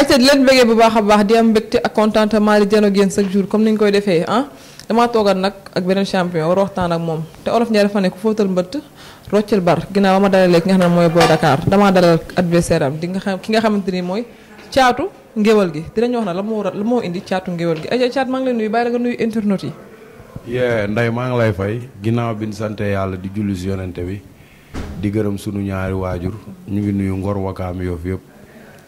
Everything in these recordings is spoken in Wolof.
ayca di leen bëggee bu baax a baax di am mbégte ak contentement di jano génn chaque jour comme ni ñu koy defee ah damaa toogal nag ak beneen champion war waxtaan ak moom te olof Ndiaye dafa ne ku fóotal mbëtt roccal bar ginnaaw ba ma dalalee ki nga mooy Boy Dakar damaa dalal adversaire am di nga xam ki nga xamante ni mooy caatu ngéwal gi dinañu wax na la moo la moo indi caatu ngéwal gi ayca caat maa ngi leen nuyu bàyyi la nga nuyu internet yi. yee nday maa ngi lay fay ginnaaw bi ñu sante yàlla di julli si yonente bi di gërëm sunu ñaari waajur ñu ngi nuyu ngor wakaam yoofu yëpp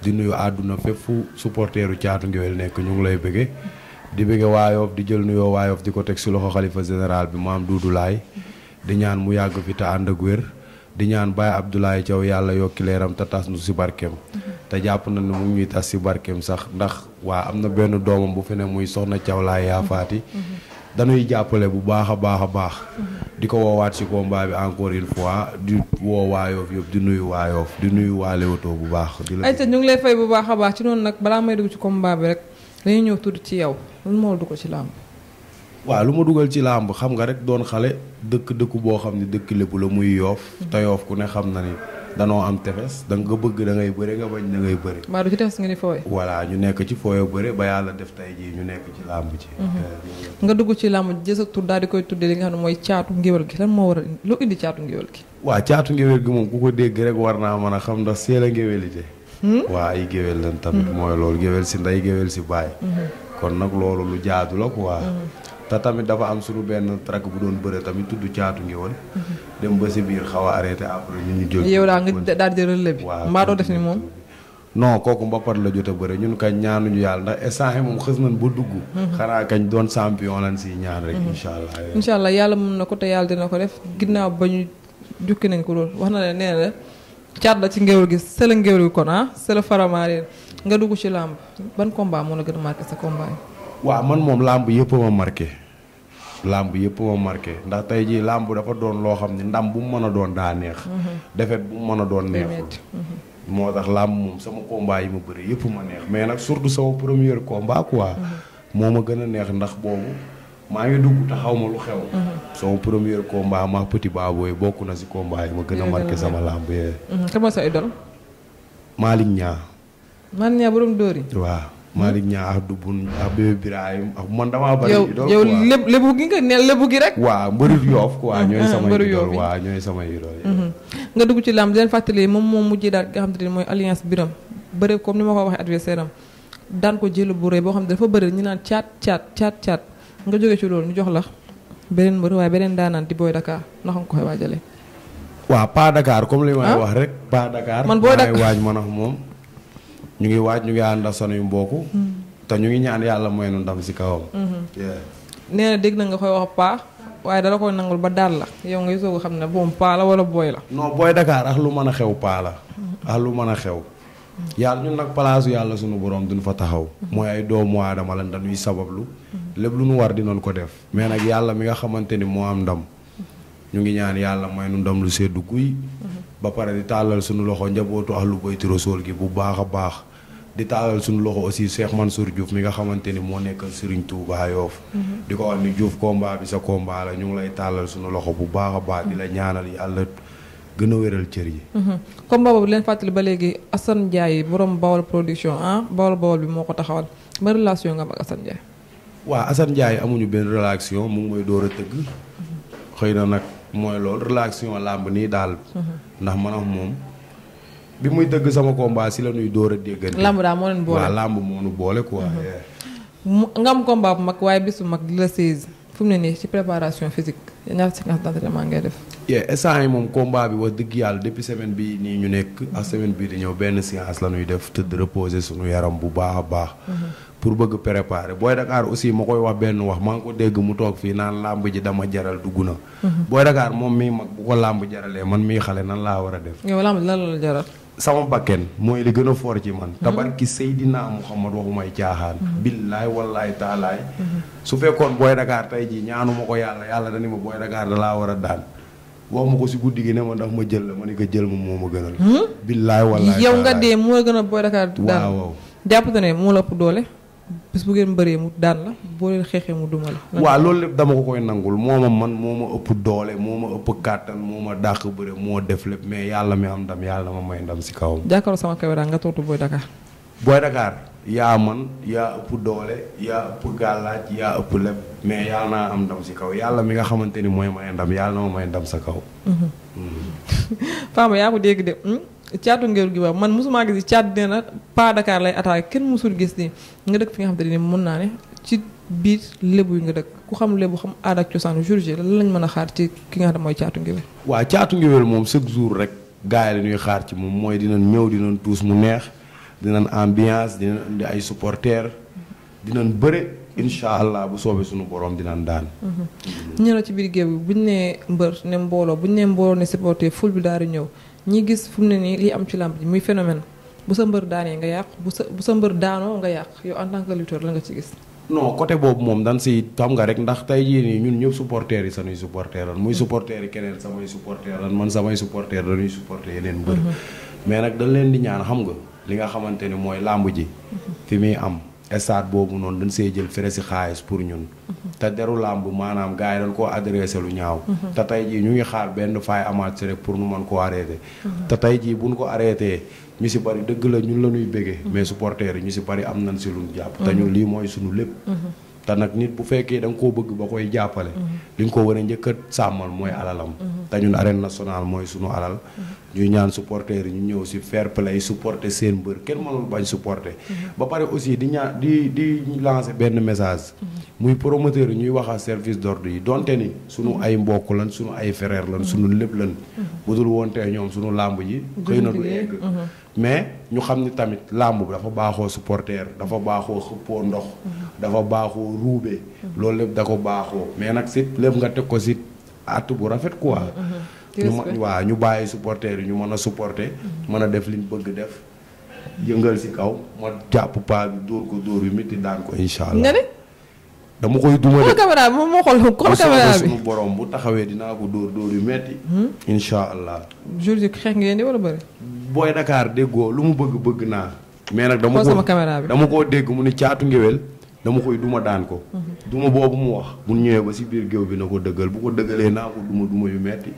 di nuyu àdduna fépp fu supporteeru caatu ngéwél nekk ñu ngi lay bëggee di bëggee waayof di jël nuyoo waayof di ko teg si loxo xalifa général bi maam Duudu Laay di ñaan mu yàgg fi te ànd ak wér di ñaan Baye Abdoulaye Thiaw yàlla yokki leeram te tas nu si barkeem te jàpp na ne mu ngi ñuy tas si barkeem sax ndax waa am na benn doomam bu fi ne muy soxna Thiaw Laay yaafaati dañuy jàppale bu baax a baax a baax di ko woowaat si kombaa bi encore une fois di woo waayoof di nuyu waayoof di nuyu waa Leewtoo bu baax. di la ayca ñu ngi lay fay bu baax a baax ci noonu nag balaa may dugg ci combat bi rek dañuy ñëw tudd ci yow lan moo dugg ci làmb. waaw lu ma dugal ci làmb xam nga rek doon xale dëkk dëkku boo xam ne dëkk lépp la muy yoof mm-hmm. te ku ne xam na ni. danoo am tefes da nga bëgg da ngay bëre nga bañ da ngay bëre. maa du ci tefes nga ni fooy. voilà ñu nekk ci fooyoo bëre ba yàlla def tey jii ñu nekk ci làmb ci mhm. euh, nga dugg ci làmb ji sa tur daal di koy tuddee li nga xam ne mooy caatu ngéwél gi lan moo loo indi caatu ngéwél gi. waa caatu ngéwél gi moom ku ko dégg rek war naa mën a xam ndax seel a ngéwélite. Hmm? waa ay géwél lan tamit. Hmm. mooy loolu géwél si nday géwél si baay. Hmm. kon nag loolu lu jaadu la quoi. te tamit dafa am suñu benn track bu doon bëre tamit tudd caatu ngi woon. dem ba si biir xaw a arrêté après ñu ñu yow daa nga daal di relais bi. mbaa doo def ni moom. non kooku mbapat la jot a bëre ñun kañ ñaanuñu yàlla ndax instant yi moom xës nañ ba dugg. Mhm. xanaa kañ doon champion lan si ñaan rek. Mhm. incha allah incha allah yàlla mën na ko te yàlla dina ko def ginnaaw ba ñu jukki nañ ko lool wax na la nee na caat la ci ngéwél gi c'est le nga dugg ci làmb ban combat moo la gën a marqué sa combat yi. waaw man moom làmb yëpp ma làmb yëpp ma ndax tey jii làmb dafa doon loo xam ne ndam bu mën a doon daa neex. Mhm. defet mën a doon neexul. Mhm. moo tax làmb sama combat yi ma bëri yëpp ma neex mais nag surtout sama premier combat mhm. moo ma gën a neex ndax boobu maa ngi dugg te ma lu xew. sama ma petit baabooy bokk na si combat yi gën a marqué sama làmb yee. te mooy sa idole. Malick man ñaa borom dóor yi. waaw Malick ñaa ak Dubun ak Bébé Birahim ak ah, man damaa bari. yow yow léb lébu gi nga ne lébu gi rek. waa mbëru yoof quoi ah, ñooy ah, sama idool waaw ñooy sama idool mhm. nga dugg ci làmb di leen fàttali moom moo mujjee daal nga xam te ne mooy alliance biram bëre comme ni ma ko waxee adversaire daan ko jëlu bu rëy boo xam ne dafa bëri ñu naan caat caat caat caat nga jóge ci loolu ñu jox la beneen mbër waaye beneen daanaan di booy Dakar ndax nga koy waajalee. waaw pas Dakar comme li may wax rek. pas Dakar man moom ñu ngi waaj ñu ngi ànd ak sanuy mbokku. te ñu ngi ñaan yàlla mooy nu ndam si kawam. dégg na nga koy wax paa waaye dala koy nangul ba daal yow ngay soog xam ne boom paa la wala booy la. non booy lu mën a xew paa la. ak mën a xew. yàlla ñun nag palaasu yàlla sunu borom duñ fa taxaw. mooy ay doomu aadama lan dañuy sabablu. lépp lu nu war dinañ ko def. mais nag yàlla mi nga xamante ni moo am ndam. ñu ngi ñaan yàlla mooy nu ndam lu seddu guy. ba pare di tàllal sunu loxo njabootu ahlu bayti rasul gi bu baax a baax. di taalal suñu loxo aussi man sur Diouf mi nga xamante ni moo nekkal Serigne Touba Yoff mhm. di ko wax ni Diouf combat bi sa kombaa la ñu ngi lay tàllal suñu loxo bu baax baax di la ñaanal yàlla gën a wéral cër yi. Mhm. combat boobu leen fàttali ba léegi Assane Ndiaye boroom Bawol production ah Bawol Bawol bi moo ko taxawal ba relation nga am ak Assane Ndiaye. waaw Assane amuñu benn relation mu ngi mooy door a tëgg. Mhm. xëy na nag mooy loolu relation làmb nii daal. ndax man ak moom. bi muy dëgg sama combat si la ñuy door a déggante. lamb daal moo leen boole waaw mhm. mag waaye bis bu mag la seize fu ne nii ci préparation physique ñaar séquence d'entraînement yi moom combat bi wax dëgg yàlla depuis semaine bi nii ñu nekk ak semaine di ñëw benn séance la ñuy def tëdd reposer suñu yaram bu baax a baax. Mhm. pour bëgg préparer booy Dakar aussi ma koy wax benn wax maa ngi ko dégg mu toog fii naan làmb ji dama jaral dugg na. Mhm. booy Dakar mii mag bu jaralee man mii xale nan laa war a def. yow làmb lan la jaral. sama bakken mooy li gën a foor ci man mhm. tabarki Seydina Muhammad waxumay caaxaan mhm. billaay wallaay taalaay mhm. su fekkoon Boy Dakar tey jii ñaanuma ko yàlla yàlla dani ma Boy Dakar da laa war a daan wax ma ko si guddi gi ne ma ndax ma jël la ma ni ko jël ma moo ma gënal hmm? billaay wallaay yow nga dee moo gën a Boy Dakar daan waaw waaw jàpp ne moo la ëpp doole bis bu ngeen bëree mu daan la boo leen xeexee mu duma la. waaw loolu lépp dama ko koy nangul moo ma man moo ma ëpp doole moo ma ëpp kàttan moo ma dàq bëre moo def lépp mais yàlla mi am ndam yàlla ma may ndam si kawam. jàkkaarloo sama caméra nga tontu Boy Dakar. Boy Dakar yaa man yaa ëpp doole yaa ëpp gàllaaj yaa ëpp lépp mais yàlla naa am ndam si kaw yàlla mi nga xamante ni mooy may ndam yàlla na ma may sa kaw. Mhm. Mhm. Fama yaa ko dégg de. Hmm? caatu ngéwél gi man mosumaa gis caat nee na pas Dakar lay attaqué kenn mosul gis nii nga dëkk fi nga xamante ne mën naa xam lébu xam aada ak mën a xaar ci ki nga xam ne mooy caatu ngéwél waaw caatu moom chaque jour rek gars yi la xaar ci moom mooy dinañ ñëw dinañ tuus mu neex dinañ ambiance dinañ indi ay supporters dinañ bëre incha allah bu soobee suñu borom dinañ daan. ñu ne ci biir géew bi buñ nee mbër ne mbooloo buñ nee mbooloo ne supporter ful bi daal di ñëw. ñi gis fu mu ne nii li am ci làmb ji muy phénomène bu sa mbër daanee nga yàq bu sa sa mbër daanoo nga yàq yow en tant que lutteur la nga ci gis. non côté boobu moom dan si xam nga rek ndax tey jii nii ñun ñëpp supporters yi sanuy supporter lan muy supporters keneen samay supporter lan man samay supporter dañuy supporter yeneen mbër mm-hmm. mais nag dañ leen di ñaan xam nga li nga xamante ni mooy làmb ji mm-hmm. fi muy am. stade boobu noonu dañ see jël fere si xaalis pour ñun. te deru làmb maanaam gars yi dañ koo adressé lu ñaaw. Mhm. te tey jii ñu ngi xaar benn faay amaat si rek pour nu mën koo arrêté. Mhm. te tey jii bu ñu ko arrêté ñu si bari dëgg la ñun la ñuy bëggee. Mhm. mais supporters yi ñu si bari am nañ si lu ñu jàpp. te ñun lii mooy sunu lépp. te nag nit bu fekkee da nga koo bëgg ba koy jàppale. Mm-hmm. li nga ko war a sàmmal mooy alalam. Mm-hmm. te ñun arène nationale mooy suñu alal. Mm-hmm. ñuy ñaan supporters yi ñu ñëw si fair play supporter seen mbër kenn mënul bañ supporter. ba pare aussi di ñaan di di lancer benn message. muy promoteur yu ñuy wax service d'ordre yi donte ni suñu ay mbokk lan suñu ay frère lan suñu lépp lan. bu dul woon ñoom suñu làmb ji. xëy na du yegg mm-hmm. mais ñu xam ni tamit làmb dafa baaxoo supporter dafa baaxoo xëppoo ndox. Mm-hmm. dafa baaxoo ruube. Mm-hmm. loolu lépp da ko baaxoo mais nag si lépp nga teg ko si at bu rafet quoi. ñu ma waaw ñu bàyyi supporter yi ñu mën a supporter. mën a def liñ bëgg def. yëngal si kaw ma jàpp paa bi dóor ko dóor bi métti daan ko incha allah. dama koy duma de caméra bi moom moo bu taxawee dinaa ko dóor dóor yu metti hmm? incha allah jour ji xeex ngeen booy Dakar déggoo lu mu bëgg bëgg naa mais nag dama ko dama koo dégg mu ne caatu ngéwél dama koy duma daan ko hmm. duma boobu mu wax bu ñëwee ba si biir géew bi na ko dëggal bu ko dëggalee naa ko duma duma yu metti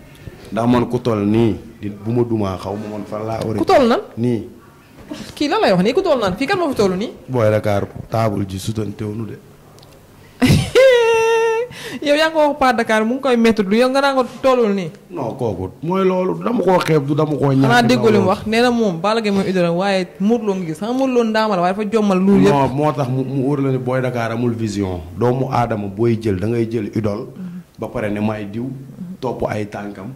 ndax man ku toll nii di bu ma dumaa xaw ma man fan laa war ku toll nan nii kii lan lay wax nii ku toll nan fii kan moo fi toll nii booy Dakar taabul ji sutantewnu de yow yaa ngi ko wax Pa Dakar mu ngi koy métti du yow nga naa ko tollul nii. non kooku mooy loolu dama koo xeeb du dama koo ñàkk. xanaa déggoo li mu wax nee na moom Balla Gaye mooy idole waaye Modou la waaye amul vision doomu aadama booy jël da ngay jël idole ba pare ne may diw topp ay tànkam.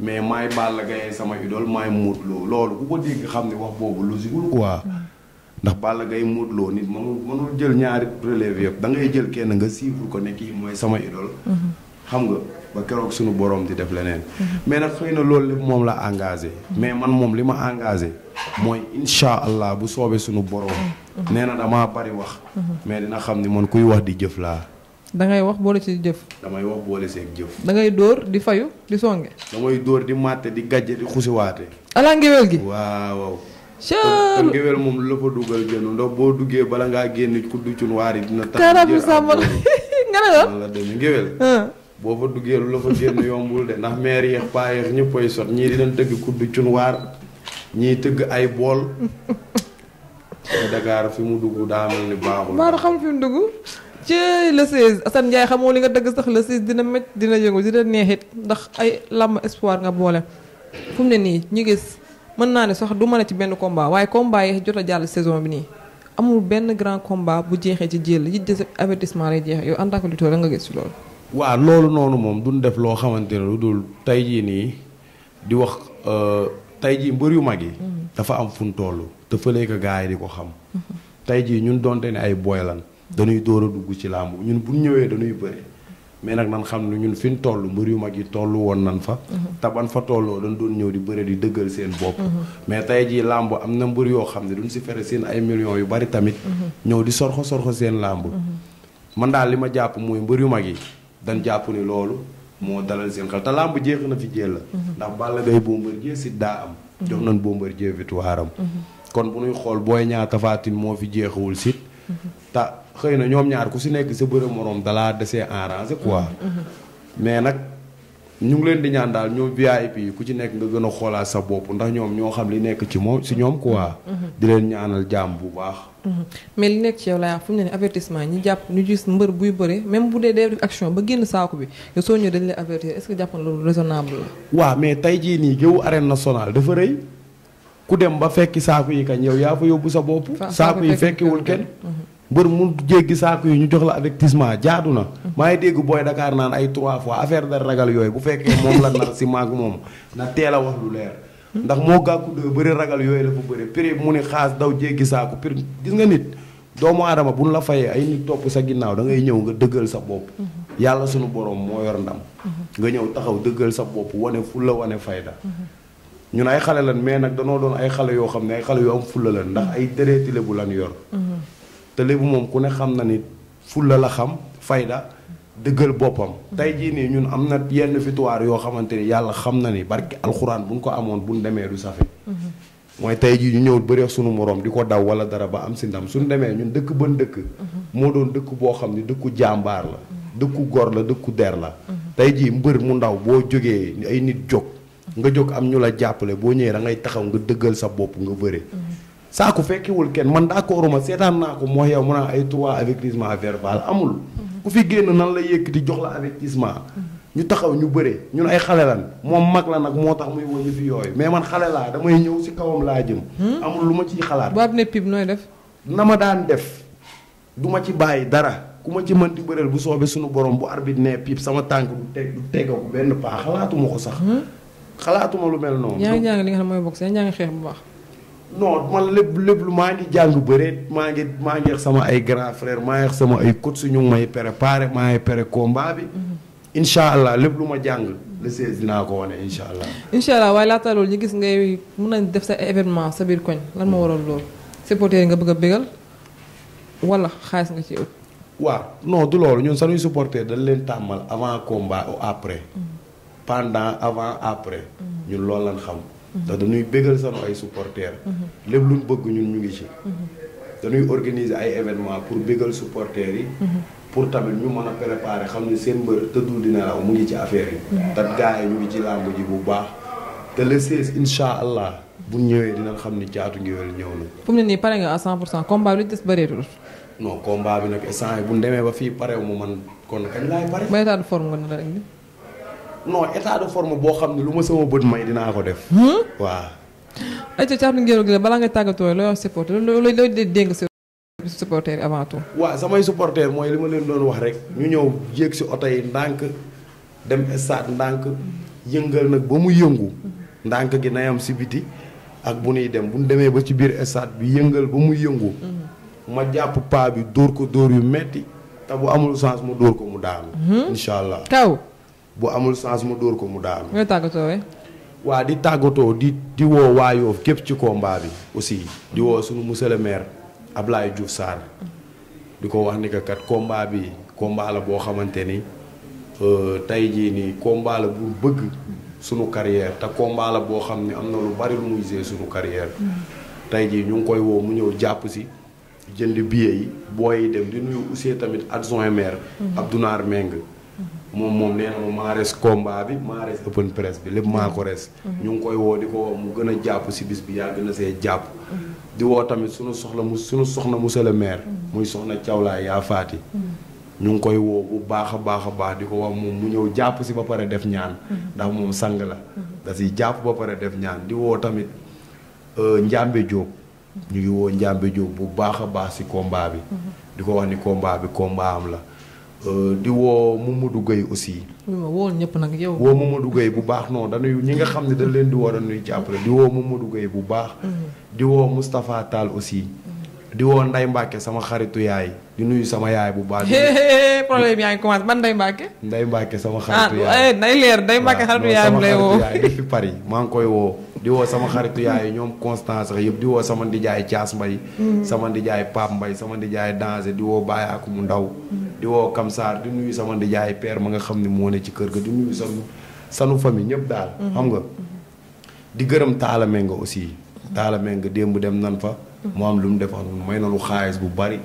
mais maay Balla Gaye sama idole maay Modou Lo loolu ku ko dégg xam ne wax boobu lu sigul quoi ndax Balla Gaye Modou Lo nit mënul mënul jël ñaari relève yëpp da ngay jël kenn nga suivre ko ne kii mooy sama idole mhm. xam nga ba keroog suñu borom di def leneen mhm. mais na xëy na loolu lépp moom la engage mhm. mais man moom li ma engage mooy incha allah bu soobee suñu borom nee damaa bari wax mais dina xam ni man kuy wax di jëf laa dangay wax boole ci jëf damay wax boole ci jëf da dóor di fayu di songe damay dóor di màtte di gàjje di xusiwaate alaa gi waaw sëñ bi ngewel moom la fa duggee bala ngaa génn ku du cun waar yi dina. karabu sàmm nga ne la la demee ngewel. Ah. ñëpp ay ñii dinañ tëgg ku du cun waar tëgg ay bool. te Dakar mu dugg daa mel ni baaxul. Maodo xam xamoo li nga dëgg sax le 16 dina métti dina yëngu dina neexit ndax ay làmb espoir nga boole fu mu ne nii ñu gis. mën naa ne sax du mën ci benn combat waaye combat yi jot a jàll saison bi nii amul benn grand combat bu jeexee ci jël yi des avertissement lay jeex yow en tant que lutteur nga gis loolu. waaw loolu noonu moom nu def loo xamante ne lu dul tey jii nii di wax euh, tey jii mbër yu mag yi. Mm-hmm. dafa am fu mu toll te fëlee ko yi di ko xam. tey jii ñun donte ne ay boy lan dañuy door a dugg ci làmb ñun bu ñëwee dañuy bëri. mais nag nan xam ne ñun fi ñu toll mbër yu mag yi toll woon nan fa te ban fa tolloo dañ doon ñëw di bëre di dëggal seen bopp mais tey jii làmb am na mbër yoo xam ne duñ si fere seen ay millions yu bari tamit ñëw di sorxo sorxo seen làmb man daal li ma jàpp mooy mbër yu mag yi dañ jàpp ni loolu moo dalal seen xel te làmb jeex na fi jël la ndax Balla Gaye Bombardier si daa am jox nañ Bombardier victoire am mhm. kon bu ñuy xool booy ñaata faatin moo fi jeexawul sit ta xëy na ñoom ñaar ku si nekk sa bëre morom dalaa desee arrangé quoi. Mm-hmm. mais nag ñu ngi leen di ñaan daal ñoom VIP yi ku ci nekk nga gën a xoolaat sa bopp ndax ñoom ñoo xam li nekk ci moom si ñoom quoi. Mm-hmm. di leen ñaanal jàmm bu baax. Mm-hmm. mais li nekk ci yow laa fu mu ne nii avertissement ñi jàpp ñu gis mbër buy bëre même bu dee def action ba génn saako bi yow soo ñëwee dañ lay avertir est-ce que jàpp na loolu raisonnable la. waaw mais tey jii nii géewu a nationale dafa ku dem ba fekki saako yi kañ yow yaa fa yóbbu sa bopp. saako yi fekkiwul kenn. mbër mu jéggi saako yi ñu jox la avertissement jaadu na. maa ngi dégg booy Dakar naan ay trois fois affaire da ragal yooyu bu fekkee moom la nar si maag moom na teel a wax lu leer. ndax moo gàkku doo bëri ragal yooyu la bu bëri prix mu ni xaas daw jéggi saako prix gis nga nit doomu aadama bu ñu la fayee ay nit topp sa ginnaaw da ngay ñëw nga dëggal sa bopp. yàlla sunu borom moo yor ndam. nga ñëw taxaw dëggal sa bopp wane fulla wane fayda. ñun ay xale lan mais nag danoo doon ay xale yoo xam ne ay xale yoo am fulla lan ndax ay déreeti bu lan yor. te lébu moom ku ne xam na nit fulla la xam fayda dëggal boppam. Mm-hmm. tey jii nii ñun am na yenn victoire yoo xamante ni yàlla xam na ni barki alxuraan buñ ko amoon bu buñ demee du safe. Mm-hmm. mooy tey jii ñu ñëw bëreex sunu moroom di ko daw wala dara ba am si ndam suñu demee ñun dëkk ban dëkk. Mm-hmm. moo doon dëkk boo xam ni dëkku jàmbaar la. dëkku gor la dëkku der la. tey jii mbër mu ndaw boo jógee ay nit jóg. nga jóg am ñu la jàppale boo ñëwee da ngay taxaw nga dëggal sa bopp nga bëre. saaku fekkiwul kenn man d'accorduma seetaan naa ko mooy yow mu a ay trois avertissement verbal amul. Mhm. ku fi génn nan la yëkk di jox la avertissement. Mhm. ñu taxaw ñu bëre ñun ay xalelan moom mag la nag moo tax muy wëññi fi yooyu mais man xale damay ñëw si kawam laa jëm. Hmm? amul lu ma ciy xalaat. boo ne pib nooy def. na ma daan def du ma ci bàyyi dara. ku ma ci mën di bëreel bu soobee suñu borom bu arbitre nee pip sama tànk du teg du tegaw benn paa xalaatuma ko sax. Hmm? xalaatuma lu mel noonu. ñaa ngi jàng li nga xeex bu baax. non man lépp lépp lu maa ngi jàng bëre maa ngi maa ngi sama ay grand frère maa ngi sama ay coach ñu ngi may préparé maa ngi pare combat bi. Mhm. incha allah lépp lu ma jàng. le 16 dinaa ko wane incha allah. incha allah waaye laata loolu ñu gis ngay mën nañ def sa événement sa biir koñ lan moo waral loolu. supporter nga bëgg a bégal wala xaalis nga ci ut. waaw non du loolu ñun sanuy supporter dañ leen tàmmal avant combat ou après. Mhm. pendant avant après. Mhm. ñun loolu lañ xam. Mm-hmm. ndax dañuy bégal sanu ay supporters. Mm-hmm. lépp lu bëgg ñun ñu ngi ci. Mm-hmm. dañuy organiser ay événement pour bégal supporters yi. pour tamit ñu mën a préparer xam ne seen mbër tëddul dina raw mu ngi ci affaire yi. te gars ñu ngi ci làmb ji bu baax te la 16 incha allah bu ñëwee dina xam ni caatu ngéwél ñëw na. fu mu ne nii pare nga à 100 pour cent combat bi li des bëreetul. non combat bi nag instant bu ñu demee ba fii pareewu mu man kon kañ laay pare. baytaatu forme non état de forme boo xam ne lu ma sama bët may dinaa ko def. Hmm? waaw. ayca Thiatou Nguéro gi la balaa nga tàggatoo looy wax supporter looy looy dénk sa supporter avant tout. waaw samay supporter mooy li ma leen doon wax rek ñu ñëw jéeg si oto yi ndànk dem stade ndànk yëngal nag ba mu yëngu. ndànk gi am si biti ak bu nuy dem bu nu demee ba ci biir stade bi yëngal ba mu yëngu. Hmm. ma jàpp paa bi dóor ko dóor yu metti te bu amul sens mu dóor ko mu daanu. Hmm? incha bu amul chance mu dóor ko mu daanu. nga tàggatoo waa di tàggatoo di di woo waa képp ci combat bi aussi di woo suñu monsieur le maire Ablaye Diouf Sarr di ko wax ni que kat combat bi combat boo xamante ni euh, tey jii ni combat la bu bëgg suñu carrière te combat boo xam ne am na lu bari lu muy gisee suñu carrière. tey jii ñu ngi koy woo mu ñëw jàpp si jënd billet yi booy yi dem di nuyu aussi tamit adjoint maire mm-hmm. Abdounar Meng. moom moom nee na ma maa res combat bi maa res open press bi lépp maa ko res. Mhm. ñu ngi koy woo di ko woo mu gën a jàpp si bis bi yaa gën a see jàpp. Mhm. diwoo woo tamit suñu soxla mu suñu soxna monsieur le maire. Mhm. muy soxna Thiawla yaa faati. ñu ngi koy woo bu baax a baax a baax di ko wax moom mu ñëw jàpp si ba pare def ñaan. ndax moom sang la. da si jàpp ba pare def ñaan diwoo tamit euh, Njambe Diop. ñu ngi woo Njambe Diop bu baax a baax si kombaa bi. di ko wax ni combat bi la. Euh, di mu Mamadou Gueye aussi. woo ñëpp nag yow. woo Mamadou Gueye bu baax non dañuy ñi nga xam ne dañ leen di woo dañuy jàppale diwoo woo Mamadou Gueye bu baax. Mm-hmm. diwoo woo Moustapha aussi. Mm-hmm. di woo Nday Mbacke sama xaritu yaay di nuyu sama yaay bu baax. problème yaa ngi commencé man Nday Mbacke. Nday Mbacke sama xaritu ah, yaay ah nay leer Nday Mbacke ah, xaritu yaayam lay woo waaw depuis Paris maa ngi koy woo. di woo sama xaritu yaay ñoom Constance yëpp di woo sama ndijaay Thias Mbaye. Mm-hmm. sama ndijaay Pape mbay sama ndijaay Danger di woo Bayaku mu ndaw. di woo Kamsaar di nuyu sama ndijaay per ma nga xam ne moo ne ci kër ga di nuyu sanu sanu famille ñëpp daal. Mhm. xam nga di gërëm Talla Mbengue aussi. Talla Mbengue démb dem nan fa. Mhm. mu am lu mu defoon may na lu xaalis bu bari.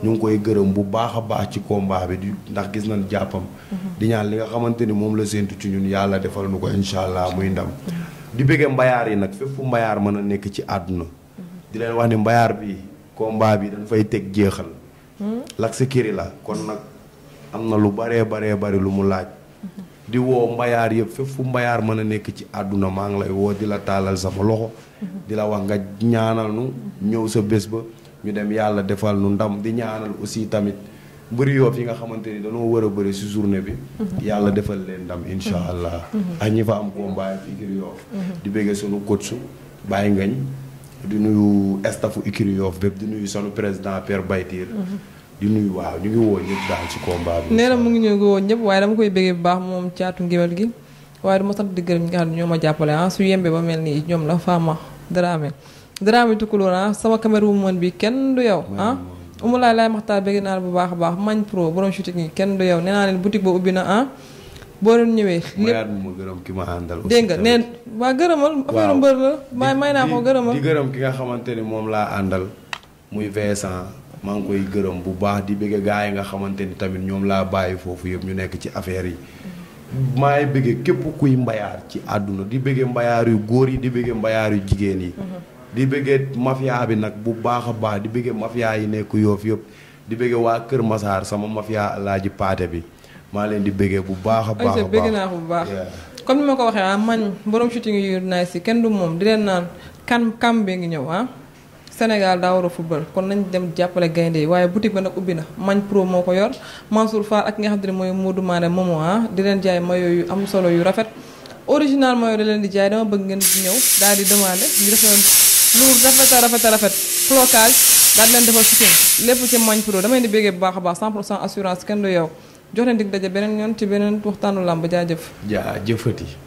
ñu ngi koy gërëm bu baax a baax ci kombaax bi di ndax gis na jàppam. Mhm. di ñaan li nga xamante ni moom la séentu ci ñun yàlla defal nu ko incha allah muy ndam. di bëggee mbayaar yi nag fépp fu mbayaar mën a nekk ci àdduna. di leen wax ni mbayaar bi combat bi dañ fay teg jeexal. Lac Kiri la kon nag am na lu baree baree bari lu mu laaj. di woo mbayaar yëpp fépp fu mbayaar mën a nekk ci àdduna maa ngi lay woo di la taalal sama loxo. di la wax nga ñaanal nu ñëw sa bés ba ñu dem yàlla defal nu ndam di ñaanal aussi tamit mbëri Yoff yi nga xamante ni dañoo war a bëri si journée bi. yàlla defal leen ndam incha allah. Mm-hmm. ak ñi fa am combat yi Yoff. Mm-hmm. di bëggee sunu coach su bàyyi di nuyu estafu écurie Yoff bépp di nuyu sunu président Père Baytir mhm. di nuyu waaw ñu ngi woo ñëpp daal ci combat bi. nee na mu ngi ñu ngi woo ñëpp waaye dama koy bëggee bu baax moom caatu ngéwél gi waaye dama sant di gërëm ñi nga xam ne ñoo ma jàppale ah su yembee ba mel nii ñoom la Fama Dramé Dramé Tukulóor ah sama caméra bu mën bi kenn du yow ah. Oumou Maxtaar bëgg naa bu baax a baax Magne Pro borom chute yi kenn du yow nee naa leen boutique ba ubbi na ah. boo doon ñëwee. lépp ma gërëm ki ma àndal. aussi dégg nga neen waa gërëmal. waaw affaire mbër la may may naa ko gërëmal. di gërëm ki nga xamante ni moom laa àndal muy Vincent maa ngi koy gërëm bu baax di bëgg gaa yi nga xamante ni tamit ñoom laa bàyyi foofu yëpp ñu nekk ci affaire yi. maay bëgg képp kuy mbayaar ci àdduna di bëgg mbayaar yu góor yi di bëgg mbayaar yu jigéen yi. Mhm. di bëgg mafia bi nag bu baax a baax di bëgg mafia yi nekk yoof yëpp di bëgg waa Kër Masaar sama mafia alaaji paate bi maa leen di bëggee bu baax a baax baax naa ko bu baax comme ni ma ko waxee ah, man borom shooting yu nice yi kenn du moom di leen naan kan kam bi ñëw ah Sénégal daa war kon nañ dem jàppale gaynde yi waaye boutique ba ubbi na mañ pro moo ko yor Mansour Fall ak nga xam te ne mooy Modou Mané Momo ah di leen jaay mayo am solo yu rafet original mayo da leen di jaay dama bëgg ngeen ñëw daal di demandé def leen lu rafet a rafet a rafet flocage daal di leen defal shooting lépp ci mañ pro damay di béggee bu baax a baax 100 pour cent assurance kenn du yow jox leen dig daje beneen yoon ci beneen waxtaanu làmb jaajëf. jëfati